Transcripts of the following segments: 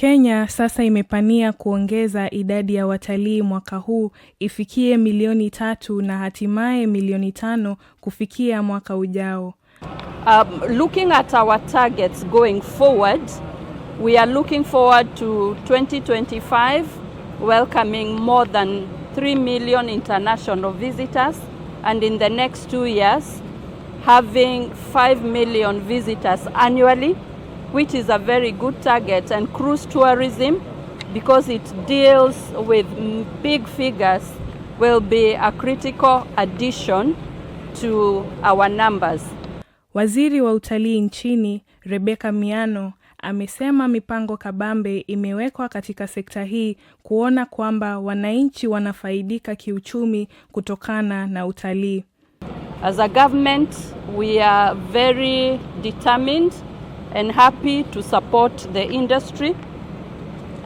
Kenya sasa imepania kuongeza idadi ya watalii mwaka huu ifikie milioni tatu na hatimaye milioni tano kufikia mwaka ujao. Um, looking at our targets going forward, we are looking forward to 2025 welcoming more than 3 million international visitors and in the next two years having 5 million visitors annually which is a very good target and cruise tourism because it deals with big figures will be a critical addition to our numbers. Waziri wa utalii nchini Rebecca Miano amesema mipango kabambe imewekwa katika sekta hii kuona kwamba wananchi wanafaidika kiuchumi kutokana na utalii. As a government, we are very determined and happy to support the industry.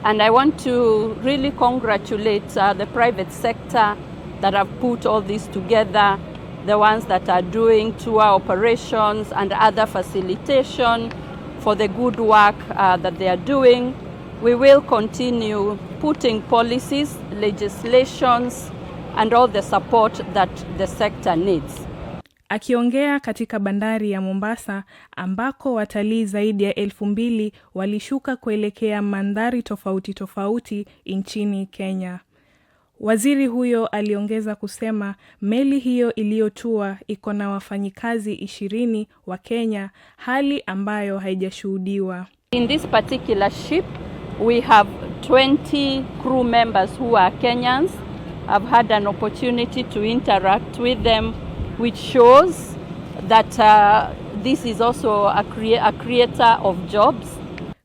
And I want to really congratulate uh, the private sector that have put all this together, the ones that are doing tour operations and other facilitation for the good work uh, that they are doing. We will continue putting policies, legislations, and all the support that the sector needs. Akiongea katika bandari ya Mombasa ambako watalii zaidi ya elfu mbili walishuka kuelekea mandhari tofauti tofauti nchini Kenya. Waziri huyo aliongeza kusema meli hiyo iliyotua iko na wafanyikazi ishirini wa Kenya, hali ambayo haijashuhudiwa. In this particular ship we have 20 crew members who are Kenyans. I've had an opportunity to interact with them which shows that uh, this is also a, crea a creator of jobs.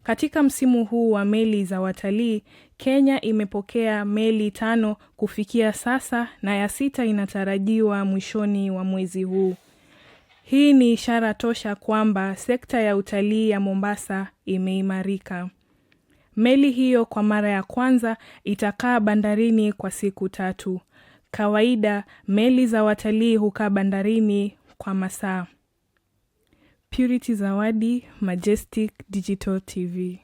Katika msimu huu wa meli za watalii, Kenya imepokea meli tano kufikia sasa na ya sita inatarajiwa mwishoni wa mwezi huu. Hii ni ishara tosha kwamba sekta ya utalii ya Mombasa imeimarika. Meli hiyo kwa mara ya kwanza itakaa bandarini kwa siku tatu. Kawaida meli za watalii hukaa bandarini kwa masaa. Purity Zawadi, Majestic Digital TV.